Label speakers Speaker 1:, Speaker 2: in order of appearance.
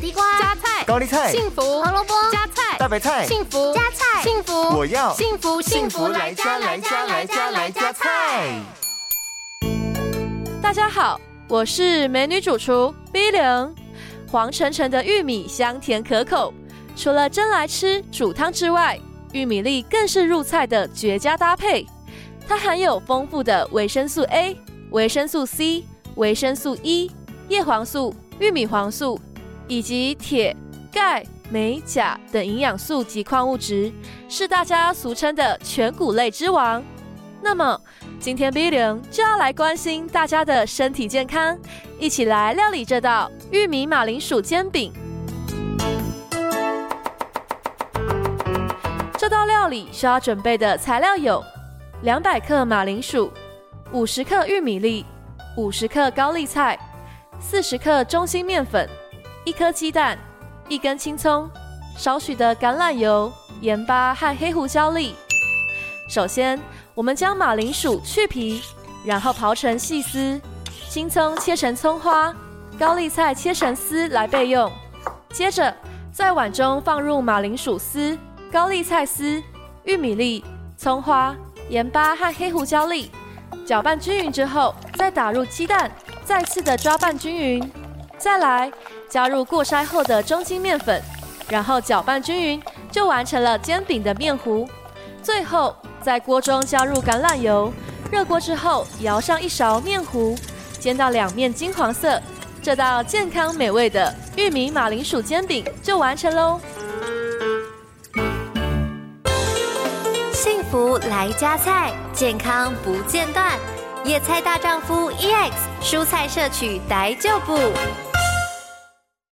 Speaker 1: 地瓜、高麗菜、菜幸福、胡蘿蔔、加菜、大白菜、幸福、加菜、幸福，我要幸福幸福來加來加來加來，來，來加菜。大家好，我是美女主廚 B n 黃澄澄的玉米，香甜可口。除了蒸來吃、煮湯之外，玉米粒更是入菜的絕佳搭配。它含有豐富的維生素 A、維生素 C、維生素 E、葉黃素、玉米黃素。以及鐵、鈣、鎂、鉀等營養素及礦物質，是大家俗稱的全穀類之王。那麼，今天 Billy 就要來關心大家的身體健康，一起來料理這道玉米馬鈴薯煎餅。這道料理需要準備的材料有：兩百克馬鈴薯、五十克玉米粒、五十克高麗菜、四十克中筋麵粉。一顆雞蛋，一根青蔥，少許的橄欖油、鹽巴和黑胡椒粒。首先，我們將馬鈴薯去皮，然後刨成細絲；青蔥切成蔥花，高麗菜切成絲來備用。接着，在碗中放入馬鈴薯絲、高麗菜絲、玉米粒、蔥花、鹽巴和黑胡椒粒，攪拌均勻之後，再打入雞蛋，再次的抓拌均勻。再來，加入過篩後的中筋麵粉，然後攪拌均勻，就完成了煎餅的麵糊。最後在鍋中加入橄欖油，熱鍋之後舀上一勺麵糊，煎到兩面金黃色，這道健康美味的玉米馬鈴薯煎餅就完成嘍。幸福來加菜，健康不間斷，野菜大丈夫 EX 蔬菜攝取逮就補。